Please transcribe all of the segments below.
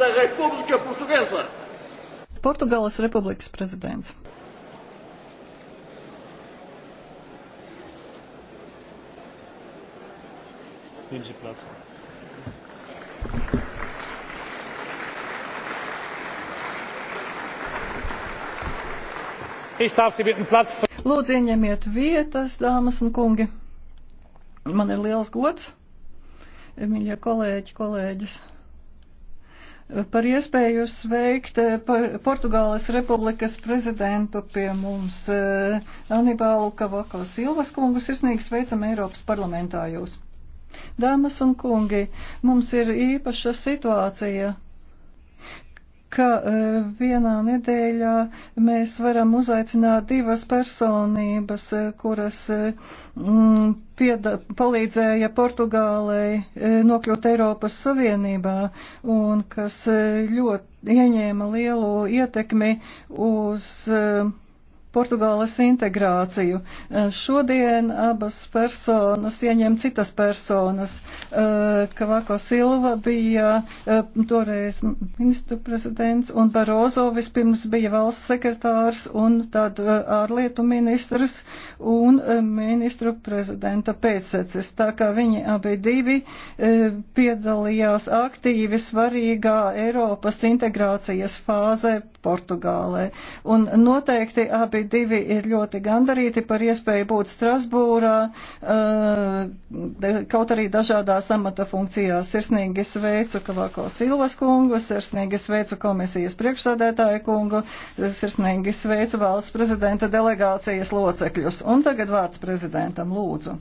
da República Portuguesa. Portugāles Republikas prezidents. Nehmen Sie Platz. Ich darf Sie bitten, Platz zu Lūdzu, ieņemiet vietas, dāmas un kungi. Man ir liels gods, mīļie kolēģi, kolēģis par iespēju sveikt eh, Portugāles Republikas prezidentu pie mums. Eh, Anibālu Kavako Silvas kungu sirsnīgi sveicam Eiropas parlamentā jūs. Dāmas un kungi, mums ir īpaša situācija ka e, vienā nedēļā mēs varam uzaicināt divas personības, e, kuras mm, pieda, palīdzēja Portugālei nokļūt Eiropas Savienībā un kas ļoti ieņēma lielu ietekmi uz uh, Portugāles integrāciju. Eh, šodien abas personas ieņem citas personas. Eh, Kavako Silva bija eh, toreiz ministru prezidents un Barozo vispirms bija valsts sekretārs un tad ārlietu ministrs un ministru prezidenta pēcsecis. Tā kā viņi abi divi piedalījās aktīvi svarīgā Eiropas integrācijas fāzē Portugālē. Un noteikti abi abi divi ir ļoti gandarīti par iespēju būt Strasbūrā, eh, kaut arī dažādās amata funkcijās. Sirsnīgi sveicu Kavako Silvas kungu, sirsnīgi sveicu komisijas priekšsādētāju kungu, sirsnīgi sveicu valsts prezidenta delegācijas locekļus. Un tagad vārds prezidentam lūdzu.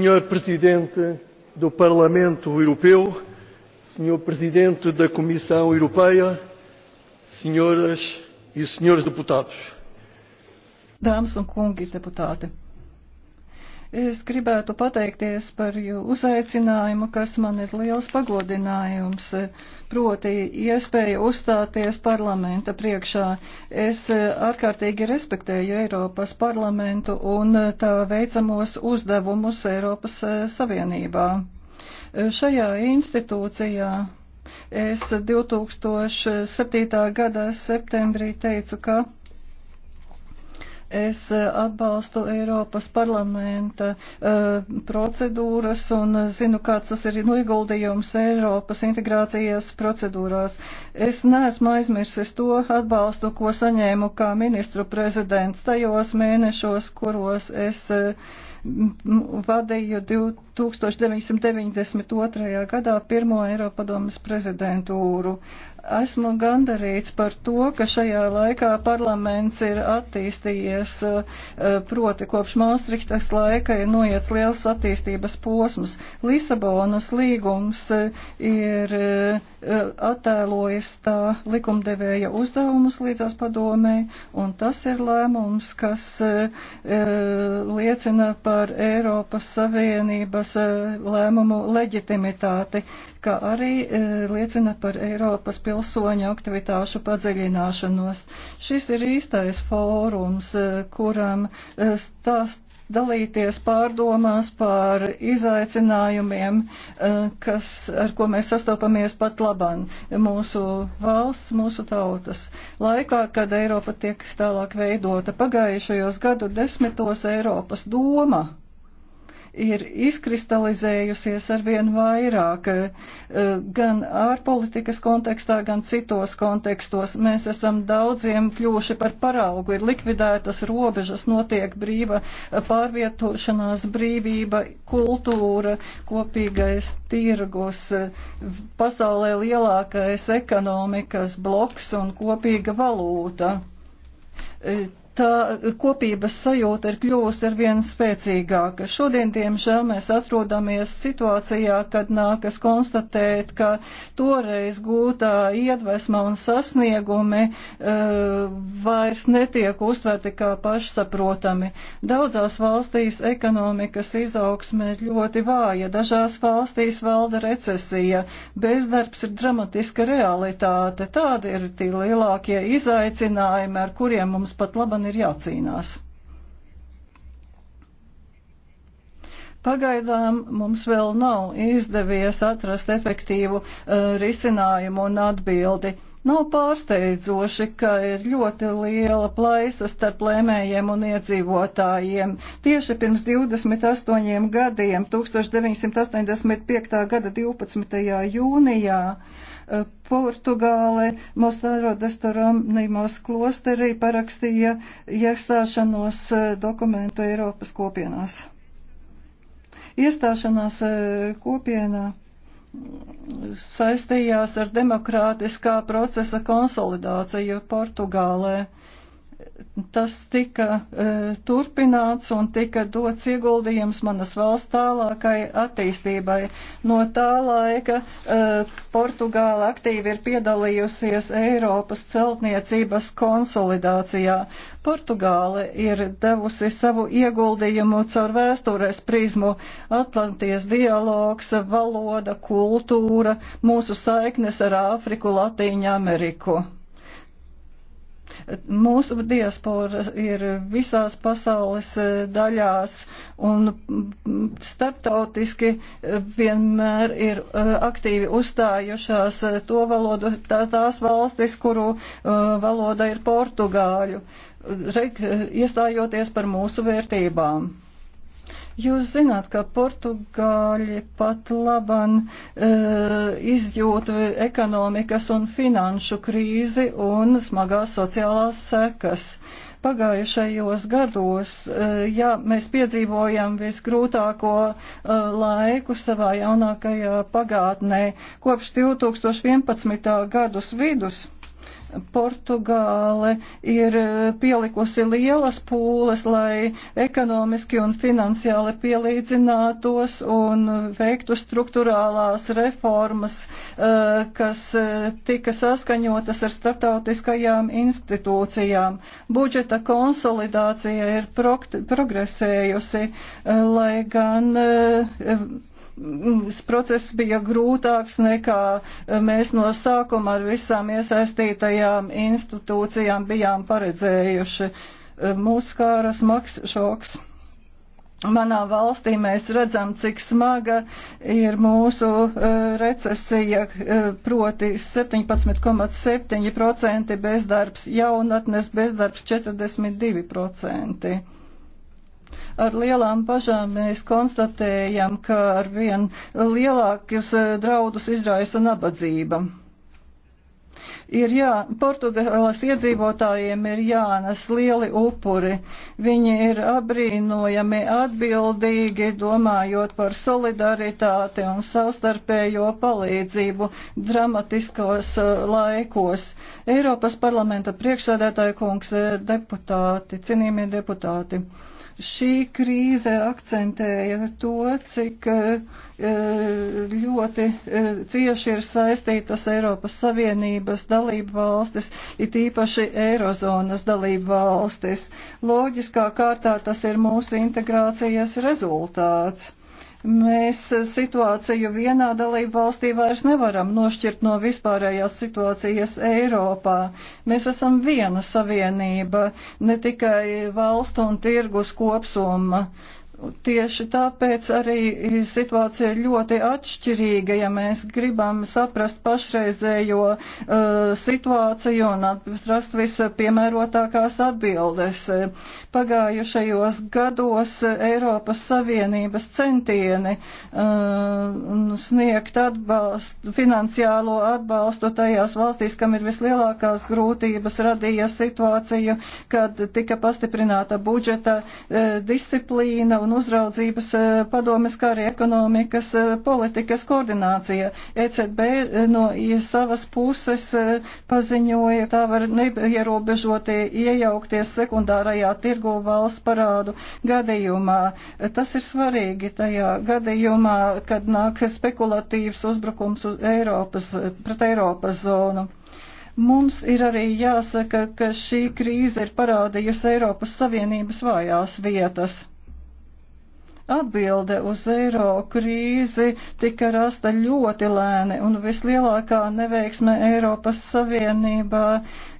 Senhor Presidente do Parlamento Europeu, Senhor Presidente da Comissão Europeia, Senhoras e Senhores Deputados. Dāmas un kungi deputāti! Es gribētu pateikties par uzaicinājumu, kas man ir liels pagodinājums, proti iespēja uzstāties parlamenta priekšā. Es eh, ārkārtīgi respektēju Eiropas parlamentu un eh, tā veicamos uzdevumus Eiropas eh, Savienībā. Šajā institūcijā es 2007. gada septembrī teicu, ka Es eh, atbalstu Eiropas parlamenta uh, procedūras un eh, zinu, kāds tas ir nu, ieguldījums Eiropas integrācijas procedūrās. Es neesmu aizmirsis to atbalstu, ko saņēmu kā ministru prezidents tajos mēnešos, kuros es. Uh, vadīju 1992. gadā pirmo Eiropadomas prezidentūru. Esmu gandarīts par to, ka šajā laikā parlaments ir attīstījies, eh, proti kopš Maastrichtas laika ir noiets liels attīstības posms. Lisabonas līgums eh, ir eh, attēlojis tā likumdevēja uzdevumus līdzās padomē, un tas ir lēmums, kas liecina par Eiropas Savienības lēmumu leģitimitāti, kā arī liecina par Eiropas pilsētu pilsoņu aktivitāšu padziļināšanos. Šis ir īstais fórums, eh, kuram eh, stāst dalīties pārdomās par izaicinājumiem, eh, kas, ar ko mēs sastopamies pat labam mūsu valsts, mūsu tautas. Laikā, kad Eiropa tiek tālāk veidota, pagājušajos gadu desmitos Eiropas doma ir izkristalizējusies arvien vairāk, eh, gan ārpolitikas kontekstā, gan citos kontekstos. Mēs esam daudziem kļuvuši par paraugu, ir likvidētas robežas, notiek brīva pārvietošanās brīvība, kultūra, kopīgais tirgus, pasaulē lielākais ekonomikas bloks un kopīga valūta eh, tā kopības sajūta ir kļuvusi ar vien spēcīgāka. Šodien, diemžēl, mēs atrodamies situācijā, kad nākas konstatēt, ka toreiz gūtā iedvesma un sasniegumi uh, vairs netiek uztverti kā pašsaprotami. Daudzās valstīs ekonomikas izaugsme ir ļoti vāja, dažās valstīs valda recesija, bezdarbs ir dramatiska realitāte, tādi ir tie lielākie izaicinājumi, ar kuriem mums pat laban ir jācīnās. Pagaidām mums vēl nav izdevies atrast efektīvu uh, risinājumu un atbildi. Nav pārsteidzoši, ka ir ļoti liela plaisa starp lēmējiem un iedzīvotājiem. Tieši pirms 28 gadiem, 1985. gada 12. jūnijā, uh, Portugāle Mostārodas Toronimos klosterī parakstīja iestāšanos eh, dokumentu Eiropas kopienās. Iestāšanās eh, kopienā mm, saistījās ar demokrātiskā procesa konsolidāciju Portugālē tas tika e, turpināts un tika dots ieguldījums manas valsts tālākai attīstībai. No tā laika e, Portugāla aktīvi ir piedalījusies Eiropas celtniecības konsolidācijā. Portugāla ir devusi savu ieguldījumu caur vēstures prizmu - Atlantijas dialogs, valoda, kultūra, mūsu saiknes ar Āfriku, Latīņu Ameriku. Mūsu diaspora ir visās pasaules eh, daļās un mm, starptautiski eh, vienmēr ir eh, aktīvi uzstājušās to valodu, tā, tās valstis, kuru valoda ir portugāļu, re, iestājoties par mūsu vērtībām. Jūs zināt, ka Portugāļi pat laban e, izjūtu ekonomikas un finanšu krīzi un smagās sociālās sekas pagājušajos gados, e, ja mēs piedzīvojam visgrūtāko e, laiku savā jaunākajā pagātnē kopš 2011. gadus vidus. Portugāle ir e, pielikusi lielas pūles, lai ekonomiski un finansiāli pielīdzinātos un veiktu struktūrālās reformas, e, kas e, tika saskaņotas ar starptautiskajām institūcijām. Budžeta konsolidācija ir progresējusi, lai gan Mm, process bija grūtāks nekā mēs no sākuma ar visām iesaistītajām institūcijām bijām paredzējuši. Mūs kāras maks šoks. Manā valstī mēs redzam, cik smaga ir mūsu eh, recesija, eh, proti 17,7% bezdarbs, jaunatnes bezdarbs 42%. Ar lielām bažām mēs konstatējam, ka arvien lielākus eh, draudus izraisa nabadzība ir jā, Portugāles iedzīvotājiem ir jānes lieli upuri. Viņi ir abrīnojami atbildīgi, domājot par solidaritāti un savstarpējo palīdzību dramatiskos eh, laikos. Eiropas parlamenta priekšsēdētāja kungs, eh, deputāti, cienījamie deputāti. Šī krīze akcentēja to, cik e, ļoti e, cieši ir saistītas Eiropas Savienības dalību valstis, it īpaši Eirozonas dalību valstis. Loģiskā kārtā tas ir mūsu integrācijas rezultāts Mēs situāciju vienā dalību valstī vairs nevaram nošķirt no vispārējās situācijas Eiropā. Mēs esam viena savienība, ne tikai valstu un tirgus kopsuma. Uh, Tieši tāpēc arī situācija ir ļoti atšķirīga, ja mēs gribam saprast pašreizējo uh, situāciju un atrast vispiemērotākās atbildes. Pagājušajos gados Eiropas Savienības centieni uh, sniegt atbalst, finansiālo atbalstu tajās valstīs, kam ir vislielākās grūtības, radīja situāciju, kad tika pastiprināta budžeta uh, disciplīna un un uzraudzības eh, padomes, kā arī ekonomikas eh, politikas koordinācija. ECB eh, no savas puses paziņoja, tā var neierobežoti iejaukties sekundārajā tirgu valsts parādu gadījumā. Tas ir svarīgi tajā gadījumā, kad nāk spekulatīvs uzbrukums uz Eiropas, pret Eiropas zonu. Mums ir arī jāsaka, ka šī krīze ir parādījusi Eiropas Savienības vājās vietas. Atbilde uz eiro krīzi tika rasta ļoti lēni, un vislielākā neveiksme Eiropas Savienībā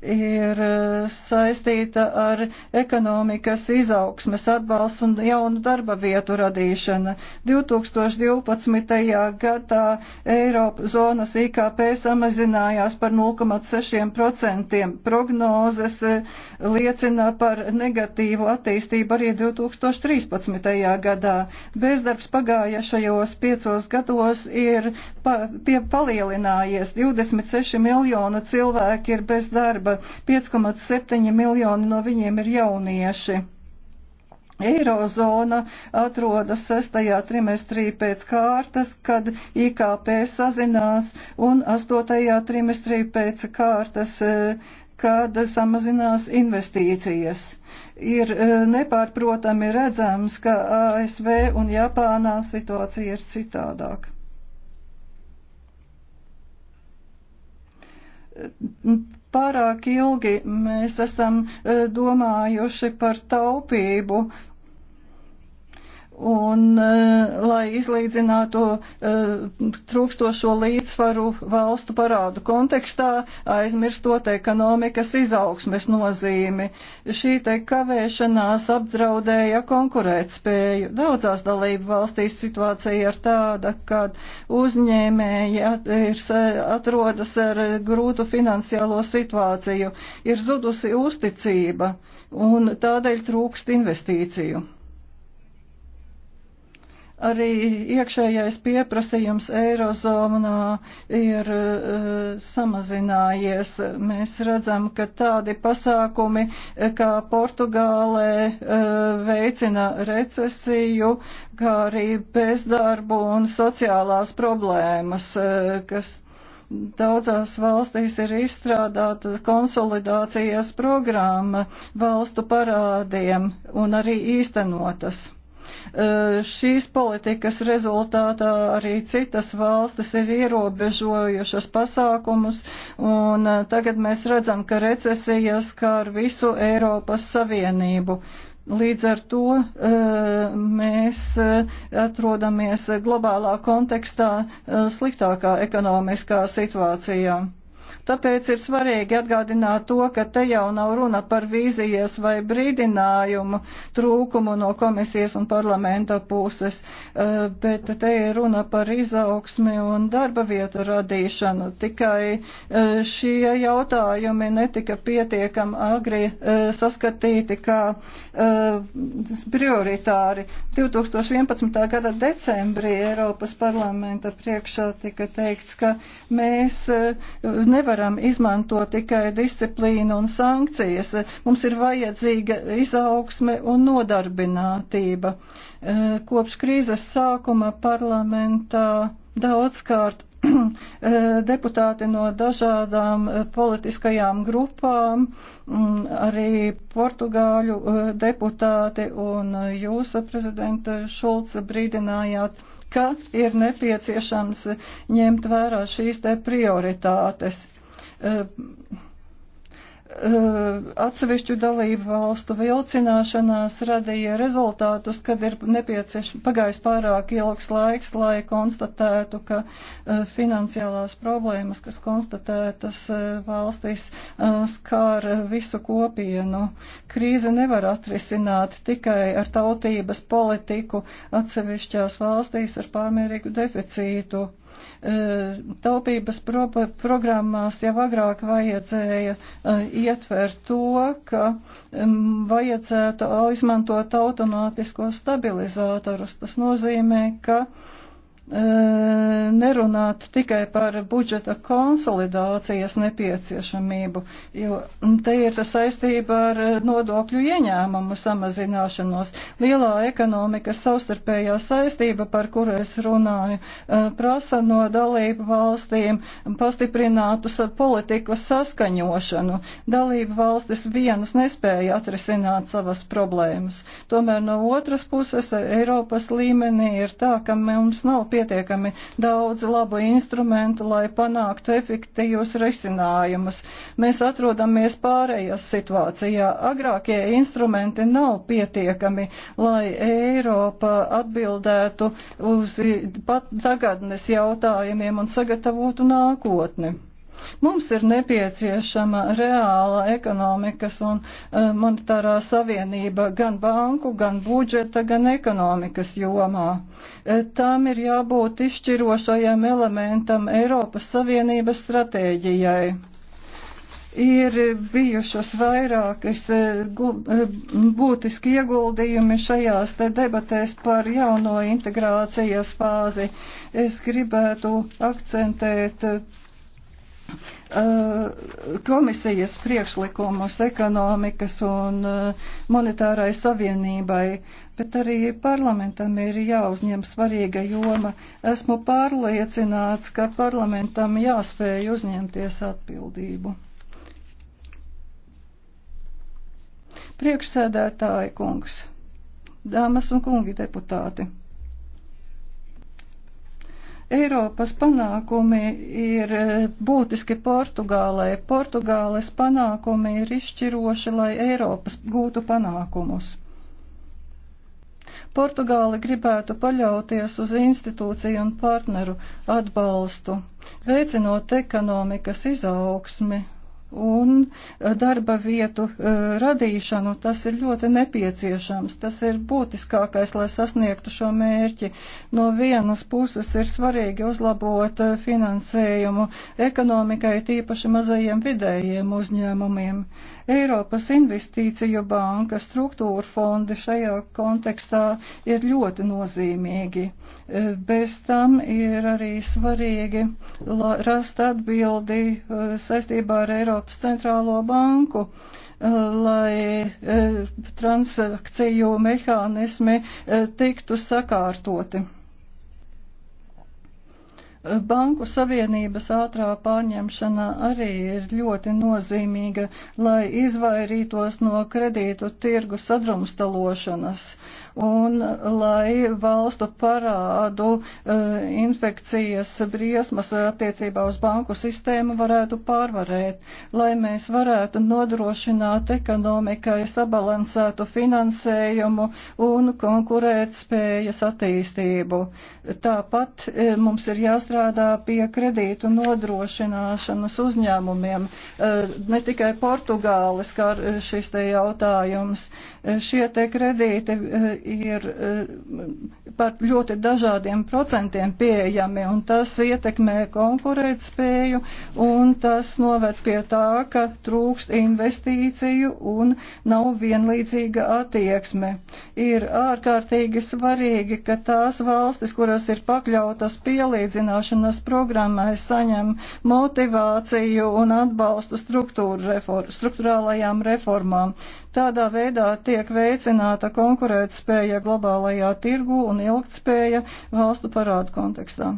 ir e, saistīta ar ekonomikas izaugsmes atbalstu un jaunu darba vietu radīšana. 2012. gadā Eiropas zonas IKP samazinājās par 0,6%. Prognozes e, liecina par negatīvu attīstību arī 2013. gadā. Bezdarbs pagājušajos piecos gados ir pa, pie, palielinājies. 26 miljonu cilvēki ir bez darba darba. 5,7 miljoni no viņiem ir jaunieši. Eirozona atrodas sestajā trimestrī pēc kārtas, kad IKP sazinās, un astotajā trimestrī pēc kārtas, e, kad samazinās investīcijas ir e, nepārprotami redzams, ka ASV un Japānā situācija ir citādāka. Pārāk ilgi mēs esam eh, domājuši par taupību, un eh, lai izlīdzinātu eh, trūkstošo līdzsvaru valstu parādu kontekstā, aizmirstot ekonomikas izaugsmes nozīmi. Šī te kavēšanās apdraudēja konkurētspēju. Daudzās dalību valstīs situācija ir tāda, ka uzņēmēji ir, atrodas ar grūtu finansiālo situāciju, ir zudusi uzticība un tādēļ trūkst investīciju. Arī iekšējais pieprasījums Eirozonā ir uh, samazinājies. Mēs redzam, ka tādi pasākumi eh, kā Portugālē uh, veicina recesiju, kā arī bezdarbu un sociālās problēmas, uh, kas daudzās valstīs ir izstrādāta konsolidācijas programma valstu parādiem un arī īstenotas. Šīs politikas rezultātā arī citas valstis ir ierobežojušas pasākumus, un tagad mēs redzam, ka recesija skar visu Eiropas Savienību. Līdz ar to mēs atrodamies globālā kontekstā sliktākā ekonomiskā situācijā. Tāpēc ir svarīgi atgādināt to, ka te jau nav runa par vīzijas vai brīdinājumu trūkumu no komisijas un parlamenta puses, eh, bet te ir runa par izaugsmi un darba vietu radīšanu. Tikai eh, šie jautājumi netika pietiekam agri eh, saskatīti kā prioritāri. 2011. gada decembrī Eiropas parlamenta priekšā tika teikts, ka mēs nevaram nevaram izmantot tikai disciplīnu un sankcijas. Mums ir vajadzīga izaugsme un nodarbinātība. Eh, kopš krīzes sākuma parlamentā daudzkārt eh, deputāti no dažādām eh, politiskajām grupām, mm, arī portugāļu deputāti un jūs, prezidenta Šulca, brīdinājāt, ka ir nepieciešams ņemt vērā šīs te prioritātes. Eh, eh, atsevišķu dalību valstu vilcināšanās radīja rezultātus, kad ir nepieciešams pagājis pārāk ilgs laiks, lai konstatētu, ka eh, finansiālās problēmas, kas konstatētas valstīs, skār visu kopienu. Krīze nevar atrisināt tikai ar tautības politiku atsevišķās valstīs ar pārmērīgu deficītu Taupības pro programmās jau agrāk vajadzēja ietvert to, ka vajadzētu izmantot automātisko stabilizatorus. Tas nozīmē, ka E, nerunāt tikai par budžeta konsolidācijas nepieciešamību, jo te ir saistība ar nodokļu ieņēmumu samazināšanos. Lielā ekonomikas savstarpējā saistība, par kuru es runāju, e, prasa no dalību valstīm pastiprinātu politiku saskaņošanu. Dalību valstis vienas nespēja atrisināt savas problēmas. Tomēr no otras puses Eiropas līmenī ir tā, ka mums nav pieejams pietiekami daudz labu instrumentu, lai panāktu efektīvus risinājumus. Mēs atrodamies pārējās situācijā. Agrākie instrumenti nav pietiekami, lai Eiropa atbildētu uz pat tagadnes jautājumiem un sagatavotu nākotni. Mums ir nepieciešama reāla ekonomikas un eh, monetārā savienība gan banku, gan budžeta, gan ekonomikas jomā. Eh, tām ir jābūt izšķirošajam elementam Eiropas Savienības stratēģijai ir bijušas vairākas eh, būtiski ieguldījumi šajās te debatēs par jauno integrācijas fāzi. Es gribētu akcentēt Uh, komisijas priekšlikumus ekonomikas un uh, monetārai savienībai, bet arī parlamentam ir jāuzņem svarīga joma. Esmu pārliecināts, ka parlamentam jāspēj uzņemties atbildību. Priekšsēdētāji kungs, dāmas un kungi deputāti. Eiropas panākumi ir e, būtiski Portugālei. Portugāles panākumi ir izšķiroši, lai Eiropas gūtu panākumus. Portugāli gribētu paļauties uz institūciju un partneru atbalstu, veicinot ekonomikas izaugsmi un darba vietu e, radīšanu. Tas ir ļoti nepieciešams. Tas ir būtiskākais, lai sasniegtu šo mērķi. No vienas puses ir svarīgi uzlabot e, finansējumu ekonomikai, tīpaši mazajiem vidējiem uzņēmumiem. Eiropas investīciju banka struktūra fondi šajā kontekstā ir ļoti nozīmīgi. E, bez tam ir arī svarīgi rast atbildi saistībā ar Eiropas Eiropas centrālo banku eh, lai eh, transakciju mehānismi eh, tiktu sakārtoti. Banku savienības ātrā pārņemšana arī ir ļoti nozīmīga, lai izvairītos no kredītu tirgu sadrumstalošanas. Uh, un lai valstu parādu e, infekcijas briesmas attiecībā uz banku sistēmu varētu pārvarēt, lai mēs varētu nodrošināt ekonomikai sabalansētu finansējumu un konkurēt spējas attīstību. Tāpat e, mums ir jāstrādā pie kredītu nodrošināšanas uzņēmumiem, e, ne tikai Portugāles, kā šis te jautājums. Šie te kredīti ir eh, par ļoti dažādiem procentiem pieejami, un tas ietekmē konkurētspēju, un tas noved pie tā, ka trūkst investīciju un nav vienlīdzīga attieksme. Ir ārkārtīgi svarīgi, ka tās valstis, kuras ir pakļautas pielīdzināšanas programmai, saņem motivāciju un atbalstu struktūrālajām reformām. Tādā veidā tiek veicināta konkurētspēja globālajā tirgu un ilgtspēja valstu parādu kontekstā.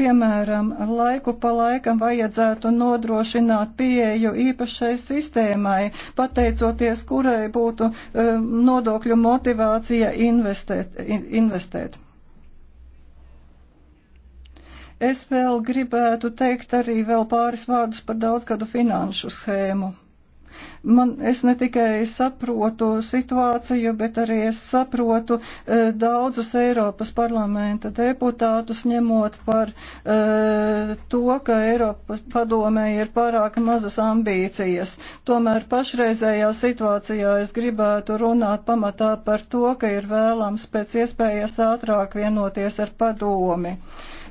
Piemēram, laiku pa laikam vajadzētu nodrošināt pieeju īpašai sistēmai, pateicoties kurai būtu um, nodokļu motivācija investēt. investēt. Es vēl gribētu teikt arī vēl pāris vārdus par daudzgadu finanšu schēmu. Man, es ne tikai saprotu situāciju, bet arī es saprotu e, daudzus Eiropas parlamenta deputātus, ņemot par e, to, ka Eiropas padomē ir pārāk mazas ambīcijas. Tomēr pašreizējā situācijā es gribētu runāt pamatā par to, ka ir vēlams pēc iespējas ātrāk vienoties ar padomi.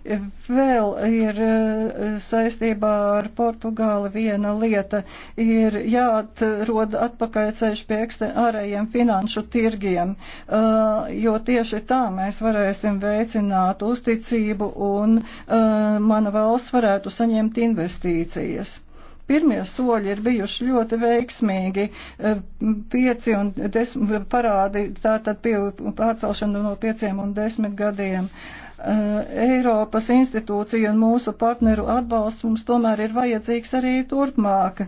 Vēl ir eh, saistībā ar Portugāli viena lieta - ir jāatrod atpakaļ ceļš pie ārējiem finanšu tirgiem, eh, jo tieši tā mēs varēsim veicināt uzticību un eh, mana valsts varētu saņemt investīcijas pirmie soļi ir bijuši ļoti veiksmīgi. Pieci un desmit parādi, tātad pie, pārcelšana no pieciem un desmit gadiem. Uh, Eh, Eiropas institūciju un mūsu partneru atbalsts mums tomēr ir vajadzīgs arī turpmāk eh,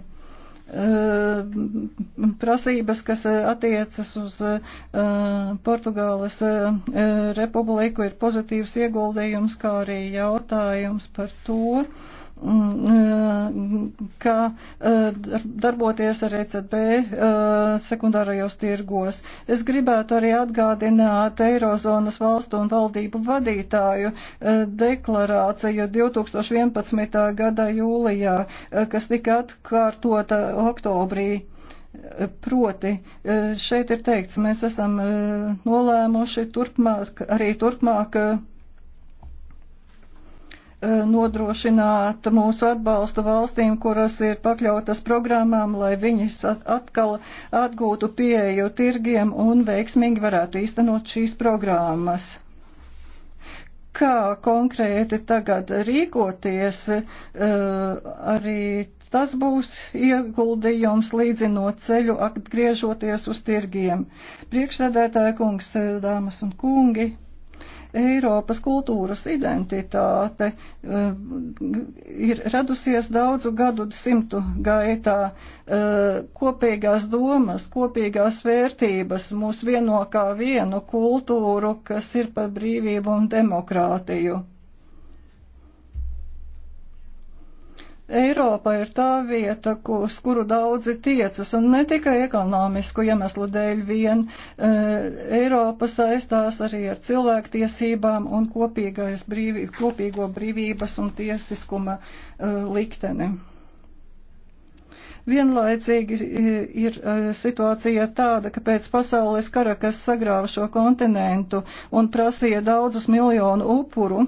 prasības, kas eh, attiecas uz Portugāles republiku, ir pozitīvs ieguldījums, kā arī jautājums par to, ka eh, darboties ar ECB eh, sekundārajos tirgos. Es gribētu arī atgādināt Eirozonas valstu un valdību vadītāju eh, deklarāciju 2011. gada jūlijā, kas tika atkārtota oktobrī. Proti, šeit ir teikts, mēs esam nolēmuši turpmāk, arī turpmāk Eh, nodrošināt mūsu atbalstu valstīm, kuras ir pakļautas programmām, lai viņas atkal atgūtu pieeju tirgiem un veiksmīgi varētu īstenot šīs programmas. Kā konkrēti tagad rīkoties, eh, arī Tas būs ieguldījums līdzinot ceļu, atgriežoties uz tirgiem. Priekšsēdētāja kungs, eh, dāmas un kungi! Eiropas kultūras identitāte eh, ir radusies daudzu gadu simtu gaitā. Eh, kopīgās domas, kopīgās vērtības mūs vieno kā vienu kultūru, kas ir par brīvību un demokrātiju. Eiropa ir tā vieta, uz kuru daudzi tiecas, un ne tikai ekonomisku iemeslu dēļ vien. E, Eiropa saistās arī ar cilvēktiesībām un brīvī, kopīgo brīvības un tiesiskuma e, likteni. Vienlaicīgi e, ir situācija tāda, ka pēc pasaules kara, kas sagrāva šo kontinentu un prasīja daudzus miljonu upuru,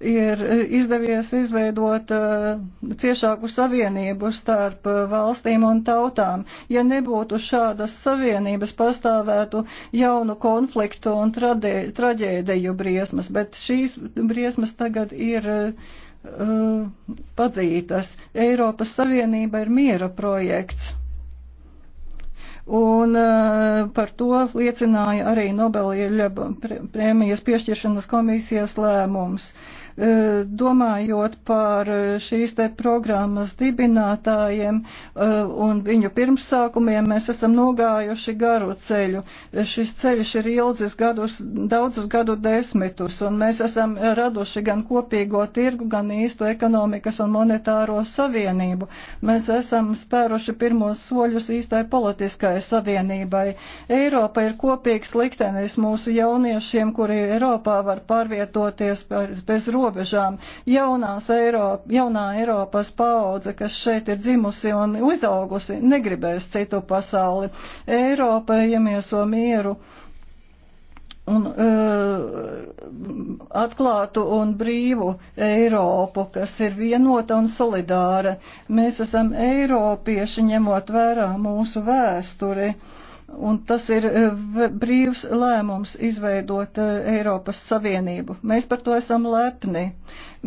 ir eh, izdevies izveidot eh, ciešāku savienību starp eh, valstīm un tautām. Ja nebūtu šādas savienības, pastāvētu jaunu konfliktu un traģēdeju briesmas, bet šīs briesmas tagad ir padzītas. Eiropas Savienība ir miera projekts. Un par to liecināja arī Nobelieļa prēmijas piešķiršanas komisijas lēmums. E, domājot par šīs te programmas dibinātājiem e, un viņu pirmsākumiem, mēs esam nogājuši garu ceļu. Šis ceļš ir ilgs gadus, daudzus gadu desmitus, un mēs esam raduši gan kopīgo tirgu, gan īstu ekonomikas un monetāro savienību. Mēs esam spēruši pirmos soļus īstai politiskai savienībai. Eiropa ir kopīgs liktenis mūsu jauniešiem, kuri Eiropā var pārvietoties bez robežām robežām. Jaunās Eiropa, jaunā Eiropas paudze, kas šeit ir dzimusi un uzaugusi, negribēs citu pasauli. Eiropa iemieso mieru un uh, atklātu un brīvu Eiropu, kas ir vienota un solidāra. Mēs esam Eiropieši, ņemot vērā mūsu vēsturi. Uh, Un tas ir e, brīvs lēmums izveidot e, Eiropas Savienību. Mēs par to esam lepni.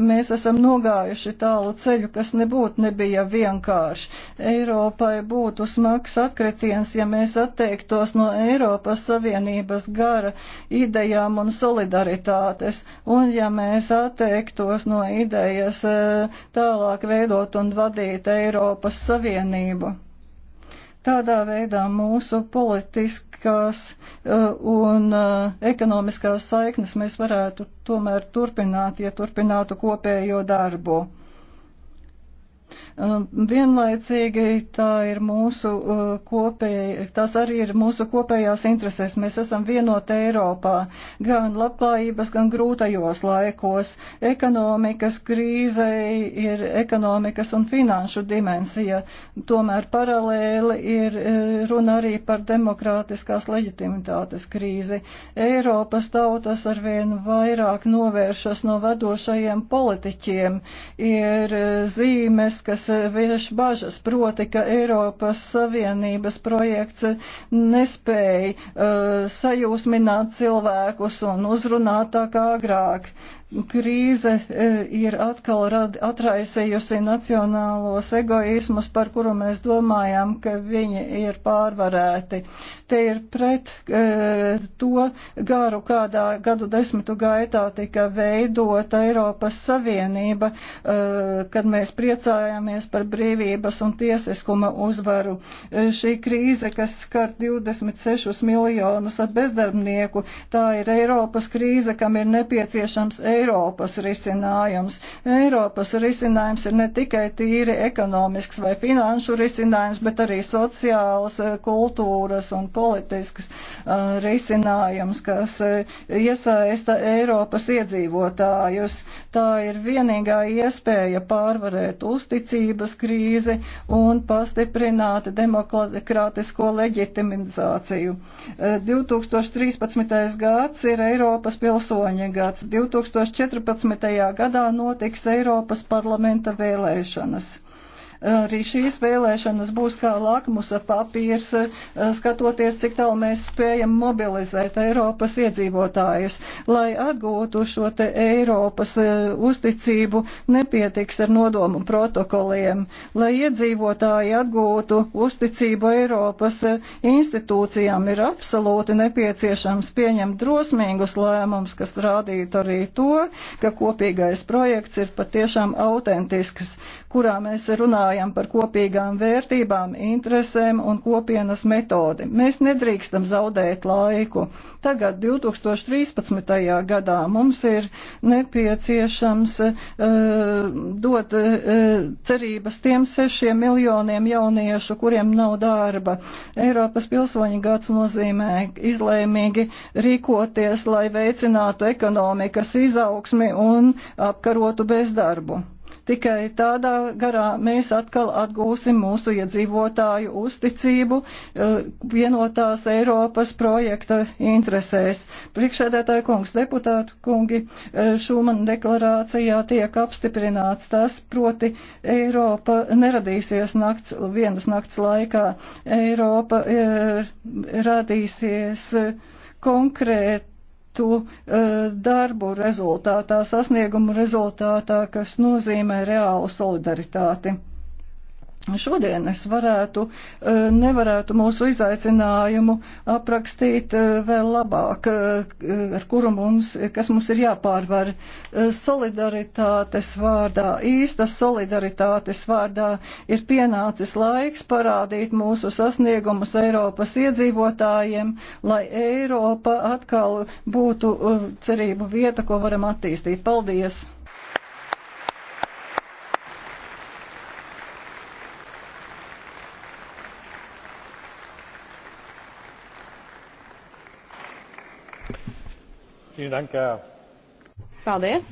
Mēs esam nogājuši tālu ceļu, kas nebūtu nebija vienkārši. Eiropai būtu smags atkritiens, ja mēs atteiktos no Eiropas Savienības gara idejām un solidaritātes, un ja mēs atteiktos no idejas e, tālāk veidot un vadīt Eiropas Savienību. Tādā veidā mūsu politiskās uh, un uh, ekonomiskās saiknes mēs varētu tomēr turpināt, ja turpinātu kopējo darbu. Um, vienlaicīgi tā ir mūsu uh, kopēja, tas arī ir mūsu kopējās interesēs. Mēs esam vienota Eiropā gan labklājības, gan grūtajos laikos. Ekonomikas krīzei ir ekonomikas un finanšu dimensija. Tomēr paralēli ir uh, runa arī par demokrātiskās leģitimitātes krīzi. Eiropas tautas arvien vairāk novēršas no vedošajiem politiķiem. Ir uh, zīmes, kas kas vieš bažas, proti, ka Eiropas Savienības projekts nespēja uh, sajūsmināt cilvēkus un uzrunāt tā kā agrāk krīze e, ir atkal rad, atraisījusi nacionālos egoismus, par kuru mēs domājām, ka viņi ir pārvarēti. Te ir pret e, to garu, kādā gadu desmitu gaitā tika veidota Eiropas Savienība, e, kad mēs priecājāmies par brīvības un tiesiskuma uzvaru. E, šī krīze, kas skar 26 miljonus bezdarbnieku, tā ir Eiropas krīze, kam ir nepieciešams Eiropas Eiropas risinājums. Eiropas risinājums ir ne tikai tīri ekonomisks vai finanšu risinājums, bet arī sociāls, eh, kultūras un politisks eh, risinājums, kas eh, iesaista Eiropas iedzīvotājus. Tā ir vienīgā iespēja pārvarēt uzticības krīzi un pastiprināt demokrātisko leģitimizāciju. 2013. gads ir Eiropas pilsoņa gads. 2014. 2014. gadā notiks Eiropas parlamenta vēlēšanas. Arī šīs vēlēšanas būs kā lakmusa papīrs, eh, skatoties, cik tālu mēs spējam mobilizēt Eiropas iedzīvotājus. Lai atgūtu šo te Eiropas eh, uzticību, nepietiks ar nodomu protokoliem. Lai iedzīvotāji atgūtu uzticību Eiropas eh, institūcijām, ir absolūti nepieciešams pieņemt drosmīgus lēmumus, kas rādītu arī to, ka kopīgais projekts ir patiešām autentisks, kurā mēs runājam Runājam par kopīgām vērtībām, interesēm un kopienas metodi. Mēs nedrīkstam zaudēt laiku. Tagad, 2013. gadā, mums ir nepieciešams uh, dot uh, cerības tiem sešiem miljoniem jauniešu, kuriem nav darba. Eiropas pilsoņa gads nozīmē izlēmīgi rīkoties, lai veicinātu ekonomikas izaugsmi un apkarotu bezdarbu. Tikai tādā garā mēs atkal atgūsim mūsu iedzīvotāju uzticību eh, vienotās Eiropas projekta interesēs. Priekšsēdētāju kungs, deputātu kungi, eh, Šūmana deklarācijā tiek apstiprināts tas, proti Eiropa neradīsies nakts, vienas nakts laikā. Eiropa ir, eh, radīsies konkrēti gūtu eh, darbu rezultātā, sasniegumu rezultātā, kas nozīmē reālu solidaritāti. Šodien es varētu, eh, nevarētu mūsu izaicinājumu aprakstīt eh, vēl labāk, eh, ar kuru mums, kas mums ir jāpārvar solidaritātes vārdā, īstas solidaritātes vārdā ir pienācis laiks parādīt mūsu sasniegumus Eiropas iedzīvotājiem, lai Eiropa atkal būtu cerību vieta, ko varam attīstīt. Paldies! Paldies!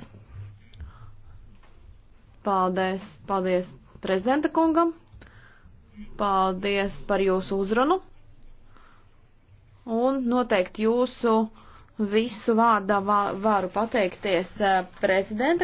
Paldies, paldies prezidenta kungam. Paldies par jūsu uzrunu. Un noteikti jūsu visu vārdā varu pateikties eh, prezidenta